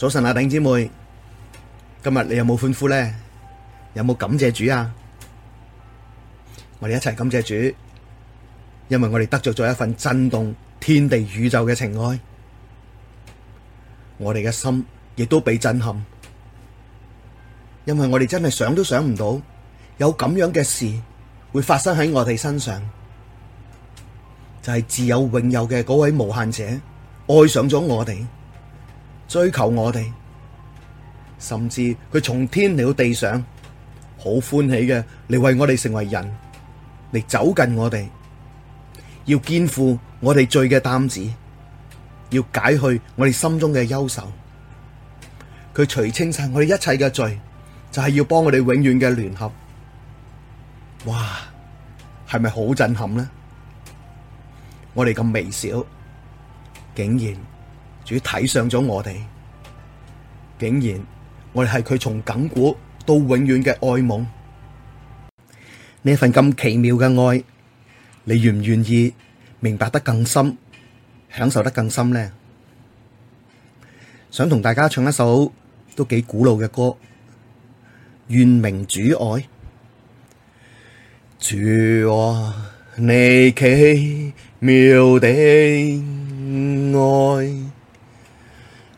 早晨啊，頂姐妹，今日你有冇歡呼咧？有冇感謝主啊？我哋一齊感謝主，因為我哋得着咗一份震動天地宇宙嘅情愛，我哋嘅心亦都被震撼，因為我哋真係想都想唔到有咁樣嘅事會發生喺我哋身上，就係自有永有嘅嗰位無限者愛上咗我哋。追求我哋，甚至佢從天嚟到地上，好歡喜嘅嚟為我哋成為人，嚟走近我哋，要肩負我哋罪嘅擔子，要解去我哋心中嘅憂愁，佢除清晒我哋一切嘅罪，就係要幫我哋永遠嘅聯合。哇，係咪好震撼呢？我哋咁微小，竟然～主睇上咗我哋，竟然我哋係佢從亙古到永遠嘅愛夢，呢份咁奇妙嘅愛，你願唔願意明白得更深，享受得更深呢？想同大家唱一首都幾古老嘅歌，《願明主愛》，主啊，你奇妙的愛。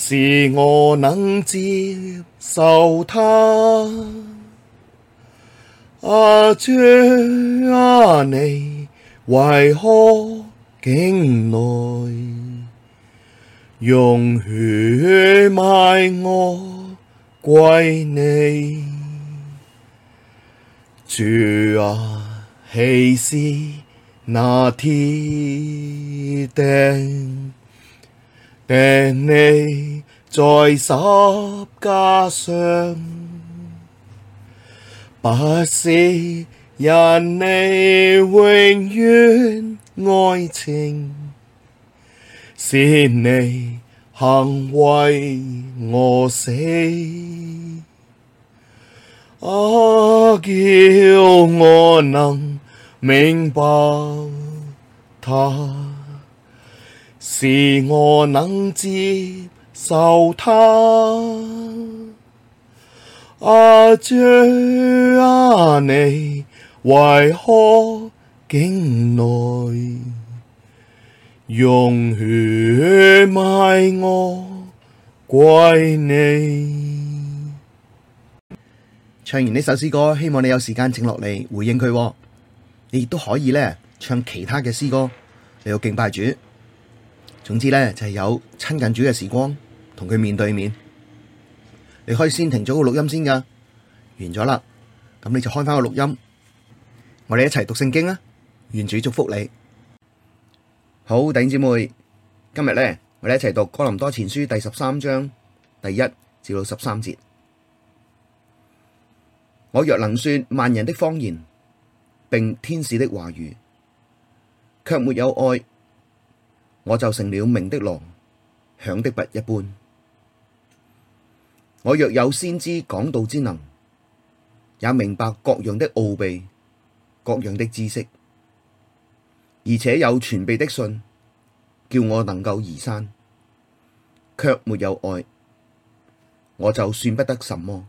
是我能接受它，啊！主、啊、你為何竟來用血買我歸你！主啊！豈是那鐵釘，釘你！在十架上，不！是因你永遠愛情，使你肯為我死，啊叫我能明白它，使我能知。受他主啊，你為何竟來用血買我歸你？唱完呢首詩歌，希望你有時間靜落嚟回應佢、哦。你亦都可以呢唱其他嘅詩歌你有敬拜主。總之呢，就係、是、有親近主嘅時光。同佢面對面，你可以先停咗個錄音先噶，完咗啦，咁你就開翻個錄音，我哋一齊讀聖經啊！願主祝福你。好，弟兄姊妹，今日咧，我哋一齊讀哥林多前書第十三章第一至到十三節。我若能說萬人的方言，並天使的話語，卻沒有愛，我就成了鳴的鑼，響的鈸一般。我若有先知講道之能，也明白各樣的奧祕、各樣的知識，而且有全備的信，叫我能夠移山，卻沒有愛，我就算不得什麼。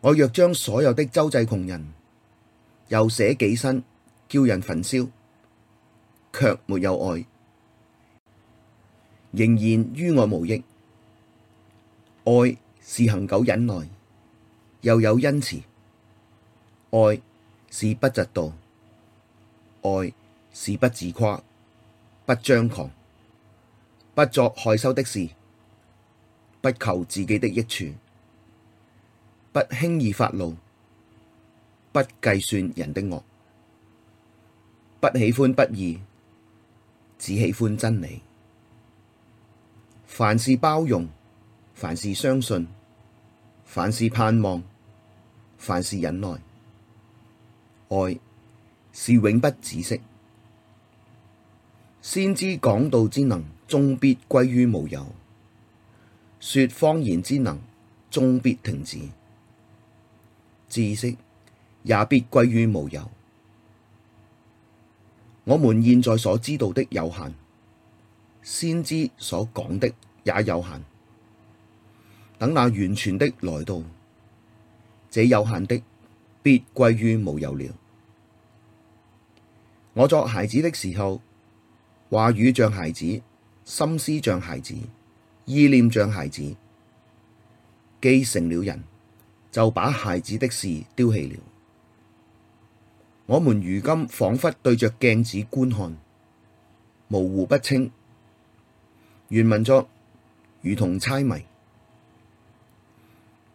我若將所有的周濟窮人，又捨己身叫人焚燒，卻沒有愛，仍然於我無益。愛是恒久忍耐，又有恩慈；愛是不嫉妒；愛是不自誇，不張狂，不作害羞的事，不求自己的益處，不輕易發怒，不計算人的惡，不喜歡不義，只喜歡真理。凡事包容。凡事相信，凡事盼望，凡事忍耐，愛是永不止息。先知講道之能，終必歸於無有；說方言之能，終必停止；知識也必歸於無有。我們現在所知道的有限，先知所講的也有限。等那完全的來到，這有限的必歸於無有了。我作孩子的時候，話語像孩子，心思像孩子，意念像孩子。既成了人，就把孩子的事丟棄了。我們如今仿佛對着鏡子觀看，模糊不清。原文作如同猜謎。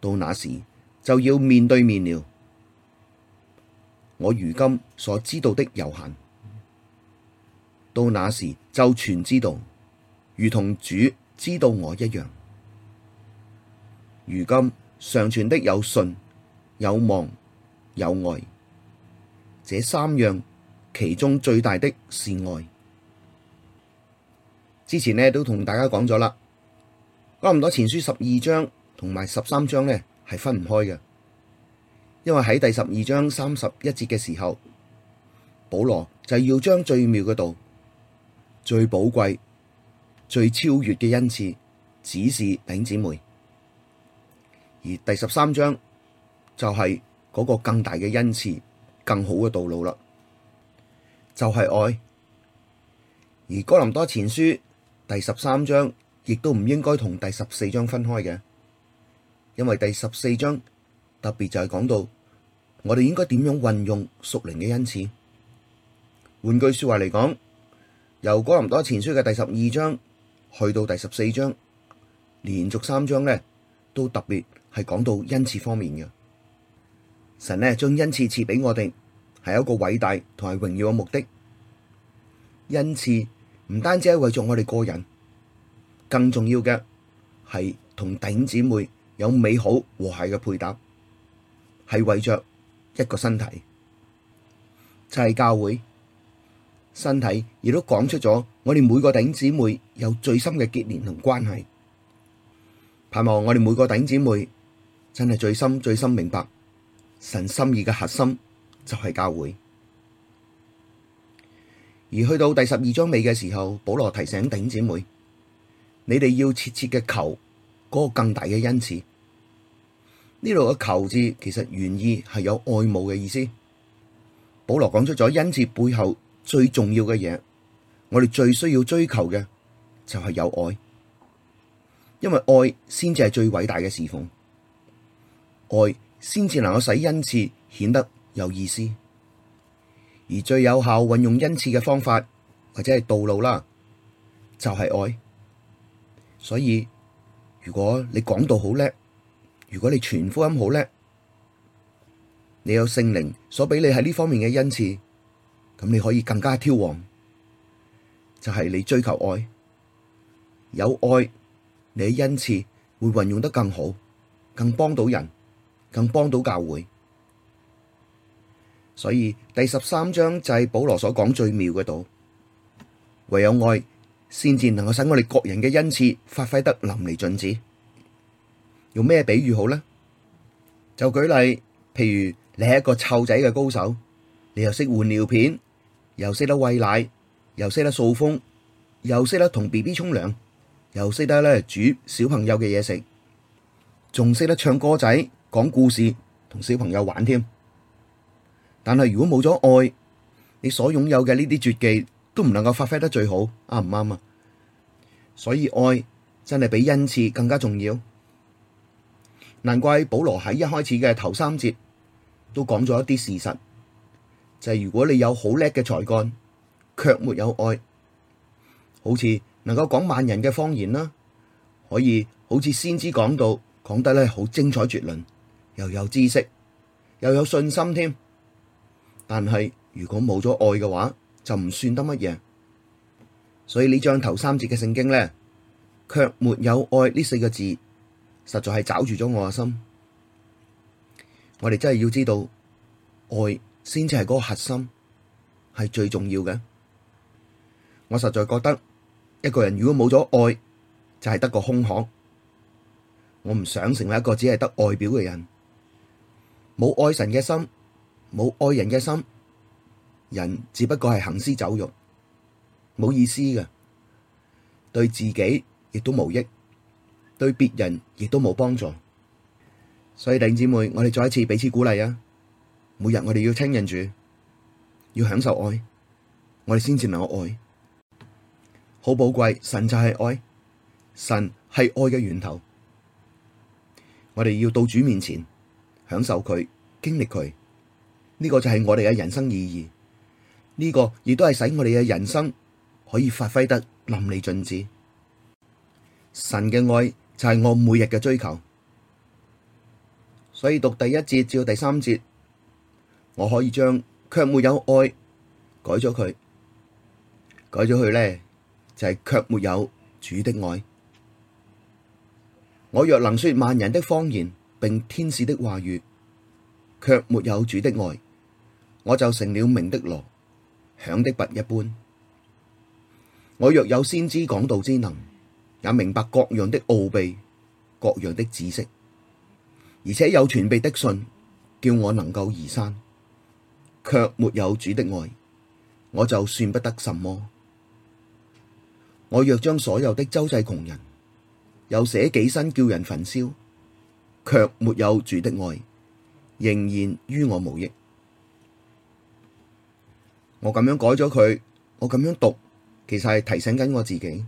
到那時就要面對面了。我如今所知道的有限，到那時就全知道，如同主知道我一樣。如今常存的有信、有望、有愛，這三樣，其中最大的是愛。之前呢，都同大家講咗啦，哥林多前書十二章。同埋十三章呢係分唔開嘅，因為喺第十二章三十一節嘅時候，保羅就要將最妙嘅道、最寶貴、最超越嘅恩賜指示領姊妹，而第十三章就係嗰個更大嘅恩賜、更好嘅道路啦，就係愛。而哥林多前書第十三章亦都唔應該同第十四章分開嘅。因為第十四章特別就係講到我哋應該點樣運用屬靈嘅恩賜。換句說話嚟講，由哥林多前書嘅第十二章去到第十四章，連續三章咧都特別係講到恩賜方面嘅。神咧將恩賜賜俾我哋，係一個偉大同埋榮耀嘅目的。恩賜唔單止係為咗我哋個人，更重要嘅係同弟兄姊妹，有美好和諧嘅配搭，係為着一個身體，就係、是、教會身體，亦都講出咗我哋每個頂姊妹有最深嘅結連同關係。盼望我哋每個頂姊妹真係最深最深明白神心意嘅核心就係教會。而去到第十二章尾嘅時候，保羅提醒頂姊妹，你哋要切切嘅求嗰、那個更大嘅恩賜。呢度嘅求字其實原意係有愛慕嘅意思。保羅講出咗恩賜背後最重要嘅嘢，我哋最需要追求嘅就係有愛，因為愛先至係最偉大嘅侍奉，愛先至能夠使恩賜顯得有意思，而最有效運用恩賜嘅方法或者係道路啦，就係愛。所以如果你講到好叻。如果你全福音好叻，你有聖靈所俾你喺呢方面嘅恩賜，咁你可以更加挑旺。就係、是、你追求愛，有愛，你嘅恩賜會運用得更好，更幫到人，更幫到教會。所以第十三章就係保羅所講最妙嘅道，唯有愛先至能夠使我哋各人嘅恩賜發揮得淋漓盡致。用咩比喻好咧？就舉例，譬如你係一個湊仔嘅高手，你又識換尿片，又識得餵奶，又識得掃風，又識得同 B B 沖涼，又識得咧煮小朋友嘅嘢食，仲識得唱歌仔、講故事、同小朋友玩添。但係如果冇咗愛，你所擁有嘅呢啲絕技都唔能夠發揮得最好，啱唔啱啊？所以愛真係比恩賜更加重要。難怪保羅喺一開始嘅頭三節都講咗一啲事實，就係、是、如果你有好叻嘅才幹，卻沒有愛，好似能夠講萬人嘅方言啦，可以好似先知講到：「講得咧好精彩絕倫，又有知識，又有信心添。」但係如果冇咗愛嘅話，就唔算得乜嘢。所以呢張頭三節嘅聖經咧，卻沒有愛呢四個字。實在係抓住咗我嘅心，我哋真係要知道愛先至係嗰個核心，係最重要嘅。我實在覺得一個人如果冇咗愛，就係、是、得個空殼。我唔想成為一個只係得外表嘅人，冇愛神嘅心，冇愛人嘅心，人只不過係行屍走肉，冇意思嘅，對自己亦都無益。對別人亦都冇幫助，所以弟兄姊妹，我哋再一次彼此鼓勵啊！每日我哋要親近主，要享受愛，我哋先至能夠愛，好寶貴。神就係愛，神係愛嘅源頭。我哋要到主面前享受佢，經歷佢，呢個就係我哋嘅人生意義。呢個亦都係使我哋嘅人生可以發揮得淋漓盡致。神嘅愛。就係我每日嘅追求，所以讀第一節至到第三節，我可以將卻沒有愛改咗佢，改咗佢呢，就係、是、卻沒有主的愛。我若能說萬人的方言，並天使的話語，卻沒有主的愛，我就成了鳴的鑼，響的鈸一般。我若有先知講道之能。也明白各樣的奧秘，各樣的知識，而且有全備的信，叫我能夠移山，卻沒有主的愛，我就算不得什麼。我若將所有的周濟窮人，又捨己身叫人焚燒，卻沒有主的愛，仍然於我無益。我咁樣改咗佢，我咁樣讀，其實係提醒緊我自己。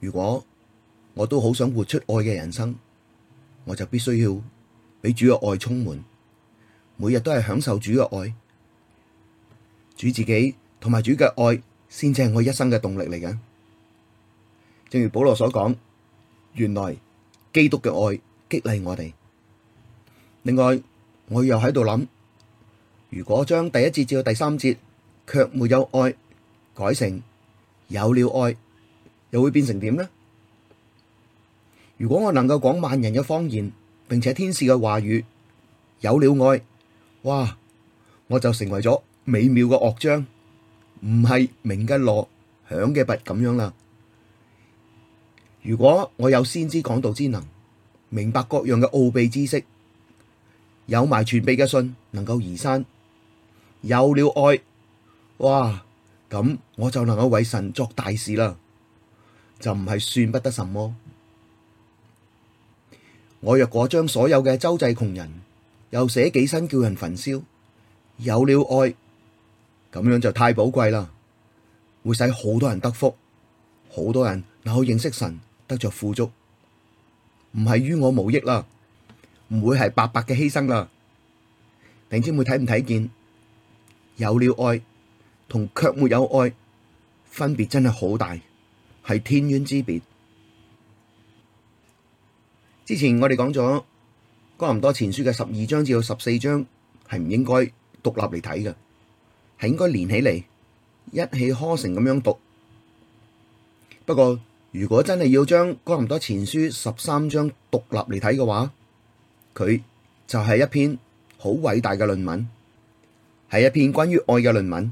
如果我都好想活出愛嘅人生，我就必須要俾主嘅愛充滿，每日都係享受主嘅愛，主自己同埋主嘅愛先至係我一生嘅動力嚟嘅。正如保羅所講，原來基督嘅愛激勵我哋。另外，我又喺度諗，如果將第一節至到第三節卻沒有愛改成有了愛。又會變成點呢？如果我能夠講萬人嘅方言，並且天使嘅話語，有了愛，哇，我就成為咗美妙嘅樂章，唔係鳴嘅鑼響嘅鈸咁樣啦。如果我有先知講道之能，明白各樣嘅奧祕知識，有埋全備嘅信，能夠移山，有了愛，哇，咁我就能夠為神作大事啦。就唔係算不得什麼。我若果將所有嘅賙濟窮人，又捨己身叫人焚燒，有了愛，咁樣就太寶貴啦，會使好多人得福，好多人能夠認識神，得着富足，唔係於我無益啦，唔會係白白嘅犧牲啦。弟兄姊妹睇唔睇見？有了愛同卻沒有愛，分別真係好大，係天淵之別。之前我哋講咗《哥林多前書》嘅十二章至到十四章，係唔應該獨立嚟睇嘅係應該連起嚟，一氣呵成咁樣讀。不過如果真係要將《哥林多前書》十三章獨立嚟睇嘅話，佢就係一篇好偉大嘅論文，係一篇關於愛嘅論文，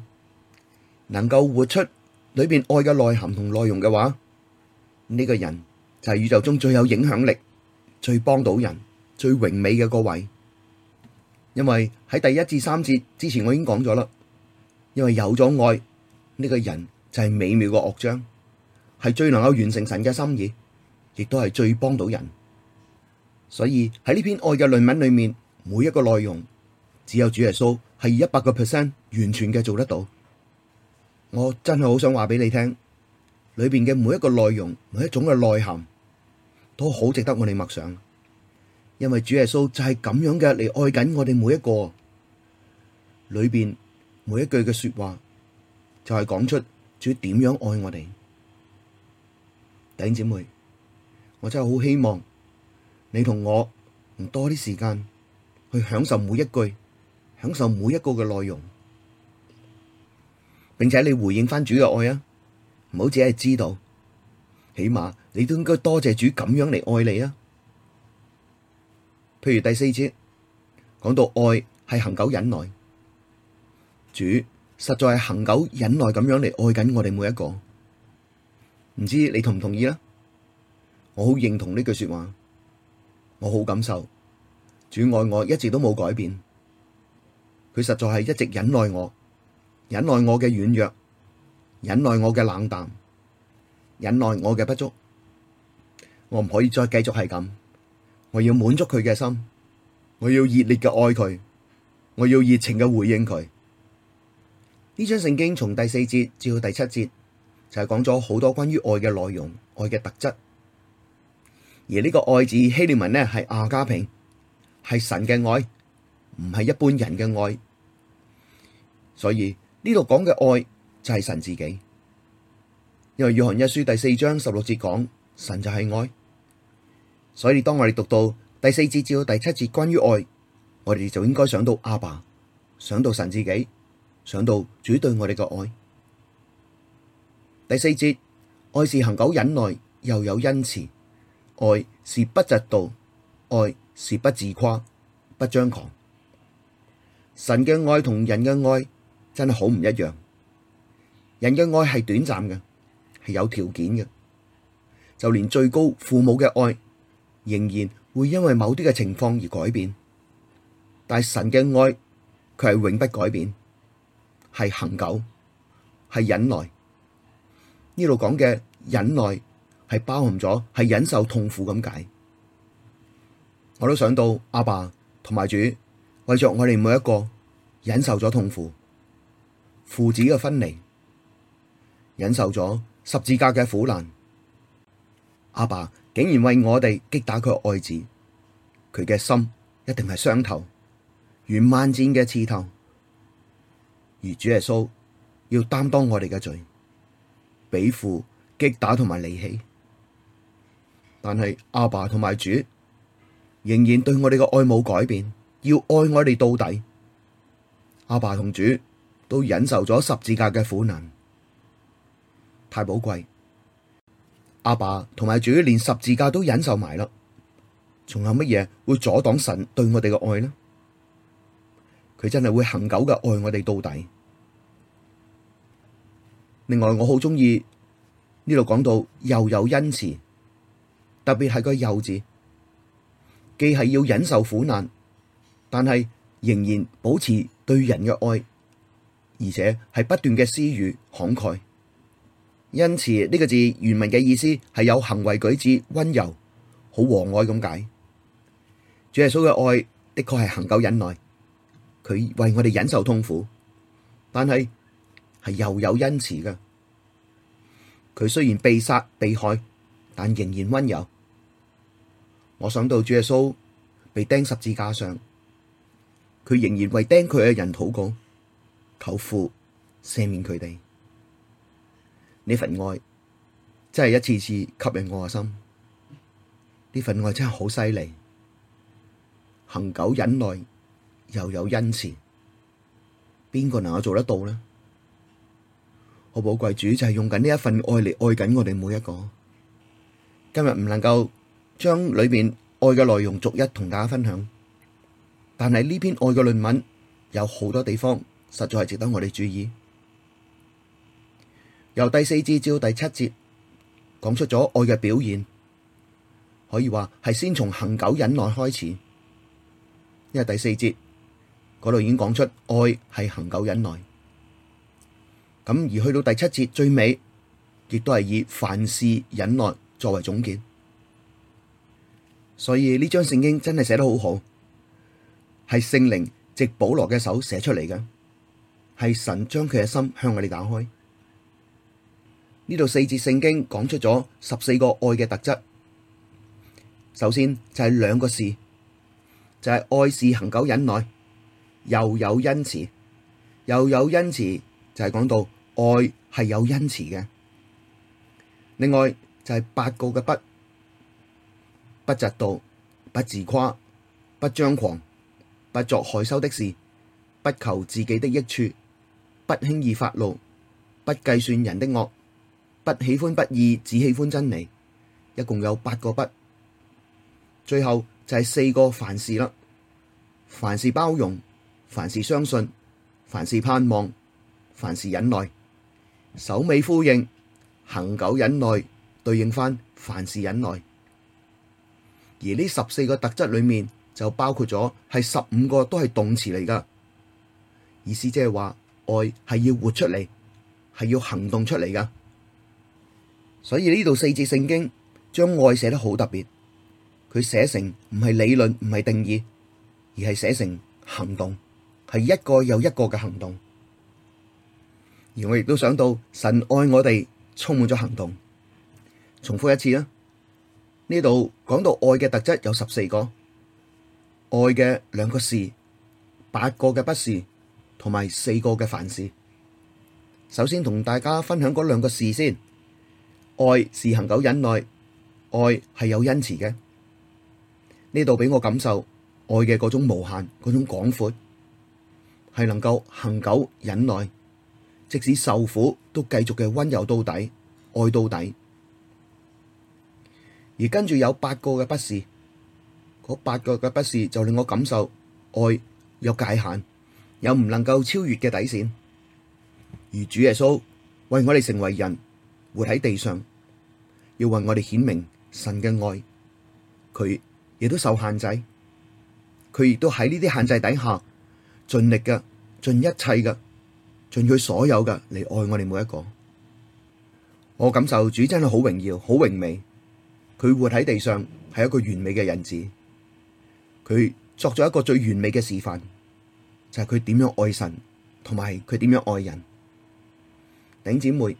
能夠活出。裏邊愛嘅內涵同內容嘅話，呢個人就係宇宙中最有影響力、最幫到人、最榮美嘅個位。因為喺第一至三節之前我已經講咗啦，因為有咗愛，呢個人就係美妙嘅樂章，係最能夠完成神嘅心意，亦都係最幫到人。所以喺呢篇愛嘅論文裏面，每一個內容，只有主耶穌係一百個 percent 完全嘅做得到。我真係好想話畀你聽，裏邊嘅每一個內容，每一種嘅內涵，都好值得我哋默想。因為主耶穌就係咁樣嘅嚟愛緊我哋每一個，裏邊每一句嘅說話，就係講出主點樣愛我哋。弟兄姊妹，我真係好希望你同我用多啲時間去享受每一句，享受每一個嘅內容。並且你回應返主嘅愛啊，唔好只係知道，起碼你都應該多謝主咁樣嚟愛你啊。譬如第四節講到愛係恒久忍耐，主實在係恒久忍耐咁樣嚟愛緊我哋每一個。唔知你同唔同意呢？我好認同呢句說話，我好感受，主愛我一直都冇改變，佢實在係一直忍耐我。忍耐我嘅軟弱，忍耐我嘅冷淡，忍耐我嘅不足，我唔可以再繼續係咁。我要滿足佢嘅心，我要熱烈嘅愛佢，我要熱情嘅回應佢。呢張聖經從第四節至到第七節就係講咗好多關於愛嘅內容，愛嘅特質。而呢個愛字，希利文呢係亞加平，係神嘅愛，唔係一般人嘅愛，所以。呢度講嘅愛就係、是、神自己，因為約翰一書第四章十六節講神就係愛，所以當我哋讀到第四節至到第七節關於愛，我哋就應該想到阿爸，想到神自己，想到主對我哋嘅愛。第四節，愛是恆久忍耐，又有恩慈；愛是不嫉妒；愛是不自誇，不張狂。神嘅愛同人嘅愛真係好唔一樣。人，人嘅愛係短暫嘅，係有條件嘅，就連最高父母嘅愛，仍然會因為某啲嘅情況而改變但。但係神嘅愛佢係永不改變，係恆久，係忍耐。呢度講嘅忍耐，係包含咗係忍受痛苦咁解。我都想到阿爸同埋主為著我哋每一個忍受咗痛苦。父子嘅分離，忍受咗十字架嘅苦難，阿爸竟然為我哋擊打佢愛子，佢嘅心一定係傷透，如萬箭嘅刺透。而主耶穌要擔當我哋嘅罪，俾父擊打同埋離棄，但係阿爸同埋主仍然對我哋嘅愛冇改變，要愛我哋到底。阿爸同主。都忍受咗十字架嘅苦難，太寶貴。阿爸同埋主連十字架都忍受埋啦。仲有乜嘢會阻擋神對我哋嘅愛呢？佢真係會恆久嘅愛我哋到底。另外，我好中意呢度講到又有恩慈，特別係個“幼”字，既係要忍受苦難，但係仍然保持對人嘅愛。而且係不斷嘅私語、慷慨、恩慈。呢個字原文嘅意思係有行為舉止温柔，好和藹咁解。主耶穌嘅愛的確係恒久忍耐，佢為我哋忍受痛苦，但係係又有恩慈嘅。佢雖然被殺被害，但仍然温柔。我想到主耶穌被釘十字架上，佢仍然為釘佢嘅人禱告。求父赦免佢哋。呢份愛，真係一次次吸引我嘅心。呢份愛真係好犀利，恆久忍耐又有恩慈，邊個能夠做得到呢？我寶貴主就係用緊呢一份愛嚟愛緊我哋每一個。今日唔能夠將裏邊愛嘅內容逐一同大家分享，但係呢篇愛嘅論文有好多地方，實在係值得我哋注意。由第四節至到第七節，講出咗愛嘅表現，可以話係先從恆久忍耐開始，因為第四節嗰度已經講出愛係恆久忍耐。咁而去到第七節最尾，亦都係以凡事忍耐作為總結。所以呢張聖經真係寫得好好，係聖靈藉保羅嘅手寫出嚟嘅。係神將佢嘅心向我哋打開。呢度四節聖經講出咗十四個愛嘅特質。首先就係兩個事，就係、是、愛是恆久忍耐，又有恩慈，又有恩慈就係講到愛係有恩慈嘅。另外就係八個嘅不，不嫉妒，不自誇，不張狂，不作害羞的事，不求自己的益處。不輕易發怒，不計算人的惡，不喜歡不義，只喜歡真理。一共有八個不，最後就係四個凡事啦。凡事包容，凡事相信，凡事盼望，凡事忍耐。首尾呼應，恒久忍耐，對應翻凡事忍耐。而呢十四個特質裏面就包括咗係十五個都係動詞嚟噶，意思即係話。愛係要活出嚟，係要行動出嚟噶。所以呢度四節聖經將愛寫得好特別，佢寫成唔係理論，唔係定義，而係寫成行動，係一個又一個嘅行動。而我亦都想到神愛我哋充滿咗行動。重複一次啦，呢度講到愛嘅特質有十四個，愛嘅兩個是，八個嘅不是。同埋四個嘅凡事，首先同大家分享嗰兩個事先，愛是恒久忍耐，愛係有恩慈嘅。呢度俾我感受愛嘅嗰種無限、嗰種廣闊，係能夠恒久忍耐，即使受苦都繼續嘅溫柔到底，愛到底。而跟住有八個嘅不是，嗰八個嘅不是就令我感受愛有界限。有唔能夠超越嘅底線，而主耶穌為我哋成為人，活喺地上，要為我哋顯明神嘅愛。佢亦都受限制，佢亦都喺呢啲限制底下盡力嘅，盡一切嘅，盡佢所有嘅嚟愛我哋每一個。我感受主真係好榮耀，好榮美。佢活喺地上係一個完美嘅人子，佢作咗一個最完美嘅示範。就係佢點樣愛神，同埋佢點樣愛人，頂姊妹，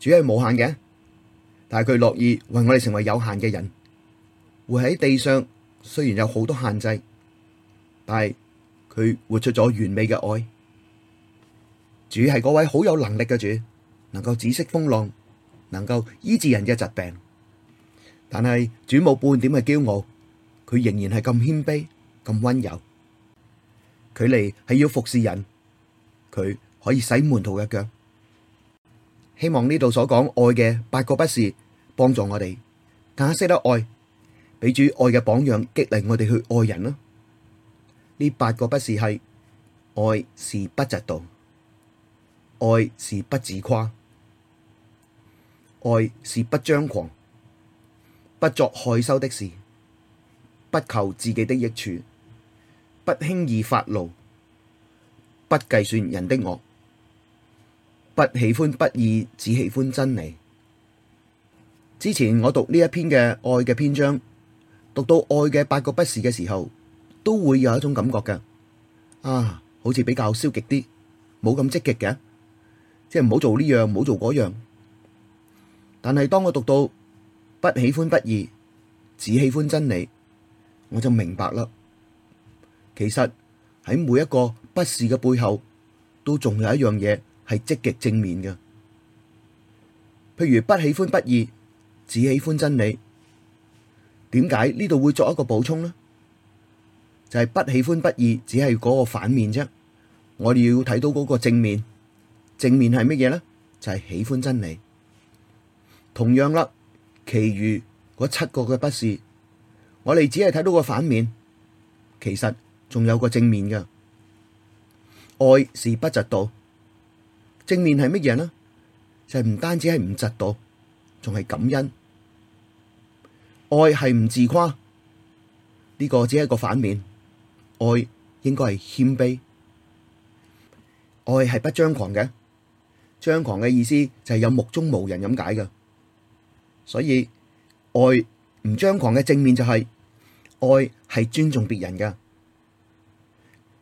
主係無限嘅，但係佢樂意為我哋成為有限嘅人，活喺地上雖然有好多限制，但係佢活出咗完美嘅愛。主係嗰位好有能力嘅主，能夠止息風浪，能夠醫治人嘅疾病，但係主冇半點嘅驕傲，佢仍然係咁謙卑，咁溫柔。佢哋係要服侍人，佢可以洗門徒一腳。希望呢度所講愛嘅八個不是，幫助我哋，更加識得愛，俾主愛嘅榜樣激勵我哋去愛人啦。呢八個不是係：愛是不嫉妒，愛是不自誇，愛是不張狂，不作害羞的事，不求自己的益處。不輕易發怒，不計算人的惡，不喜歡不義，只喜歡真理。之前我讀呢一篇嘅愛嘅篇章，讀到愛嘅八個不是嘅時候，都會有一種感覺㗎，啊，好似比較消極啲，冇咁積極嘅，即係唔好做呢樣，唔好做嗰樣。但係當我讀到不喜歡不義，只喜歡真理，我就明白啦。其實喺每一個不是嘅背後，都仲有一樣嘢係積極正面嘅。譬如不喜歡不義，只喜歡真理。點解呢度會作一個補充呢？就係不喜歡不義，只係嗰個反面啫。我哋要睇到嗰個正面，正面係乜嘢呢？就係喜歡真理。同樣啦，其餘嗰七個嘅不是，我哋只係睇到個反面，其實。仲有個正面噶，愛是不嫉妒。正面係乜嘢呢？就係、是、唔單止係唔嫉妒，仲係感恩。愛係唔自誇。呢、呢個只係一個反面。愛應該係謙卑。愛係不張狂嘅。張狂嘅意思就係有目中無人咁解噶。所以愛唔張狂嘅正面就係、是、愛係尊重別人噶。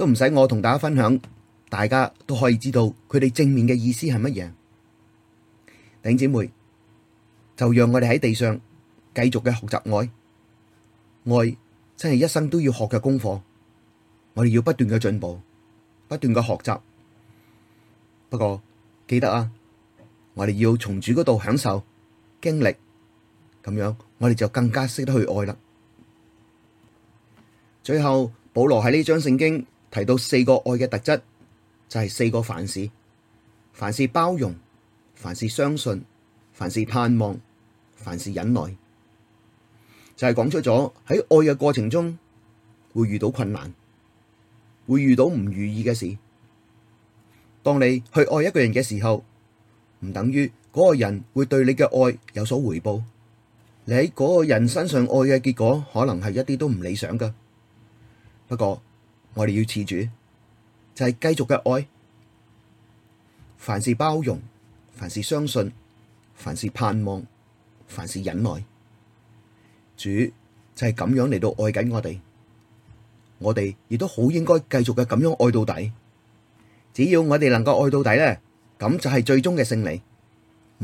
都唔使我同大家分享，大家都可以知道佢哋正面嘅意思係乜嘢？頂姐妹，就讓我哋喺地上繼續嘅學習愛，愛真係一生都要學嘅功課。我哋要不斷嘅進步，不斷嘅學習。不過記得啊，我哋要從主嗰度享受經歷，咁樣我哋就更加識得去愛啦。最後，保羅喺呢張聖經。提到四個愛嘅特質，就係、是、四個凡事，凡事包容，凡事相信，凡事盼望，凡事忍耐，就係、是、講出咗喺愛嘅過程中會遇到困難，會遇到唔如意嘅事。當你去愛一個人嘅時候，唔等於嗰個人會對你嘅愛有所回報。你喺嗰個人身上愛嘅結果，可能係一啲都唔理想㗎。不過，我哋要持住，就係、是、繼續嘅愛，凡事包容，凡事相信，凡事盼望，凡事忍耐，主就係咁樣嚟到愛緊我哋。我哋亦都好應該繼續嘅咁樣愛到底。只要我哋能夠愛到底咧，咁就係最終嘅勝利。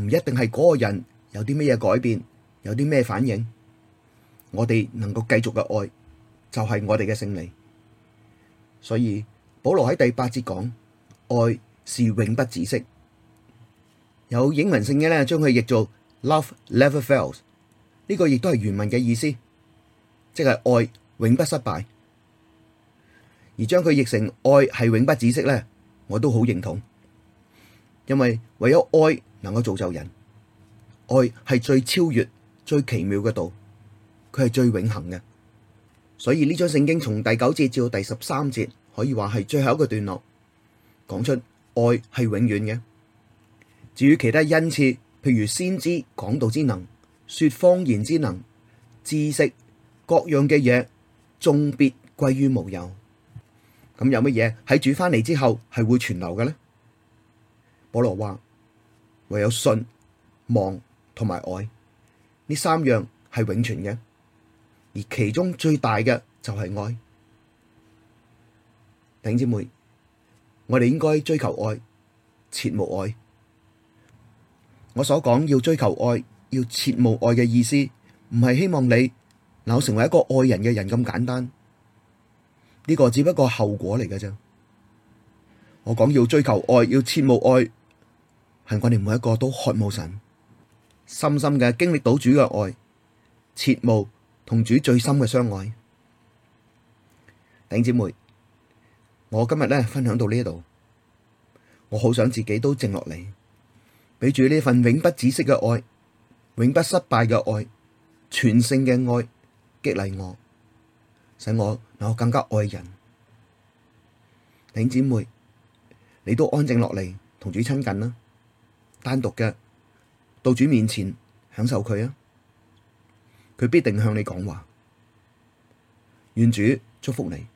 唔一定係嗰個人有啲咩嘢改變，有啲咩反應，我哋能夠繼續嘅愛就係、是、我哋嘅勝利。所以保羅喺第八節講愛是永不止息，有英文聖經咧將佢譯做 Love never fails，呢個亦都係原文嘅意思，即係愛永不失敗。而將佢譯成愛係永不止息咧，我都好認同，因為唯有愛能夠造就人，愛係最超越、最奇妙嘅道，佢係最永恆嘅。所以呢章聖經從第九節至到第十三節，可以話係最後一個段落，講出愛係永遠嘅。至於其他恩賜，譬如先知講道之能、說方言之能、知識各樣嘅嘢，終必歸於無有。咁有乜嘢喺主翻嚟之後係會存留嘅呢？保羅話：唯有信、望同埋愛呢三樣係永存嘅。而，其中最大嘅就係愛，弟兄姊妹，我哋應該追求愛，切慕愛。我所講要追求愛，要切慕愛嘅意思，唔係希望你能夠成為一個愛人嘅人咁簡單。呢個只不過後果嚟嘅啫。我講要追求愛，要切慕愛，係我哋每一個都渴慕神，深深嘅經歷到主嘅愛，切慕，同主最深嘅相愛，弟兄姐妹，我今日咧分享到呢一度，我好想自己都靜落嚟，俾住呢份永不止息嘅愛，永不失敗嘅愛，全勝嘅愛，激勵我，使我能夠更加愛人。弟兄姐妹，你都安靜落嚟同主親近啦，單獨嘅到主面前享受佢啊！佢必定向你講話，願主祝福你。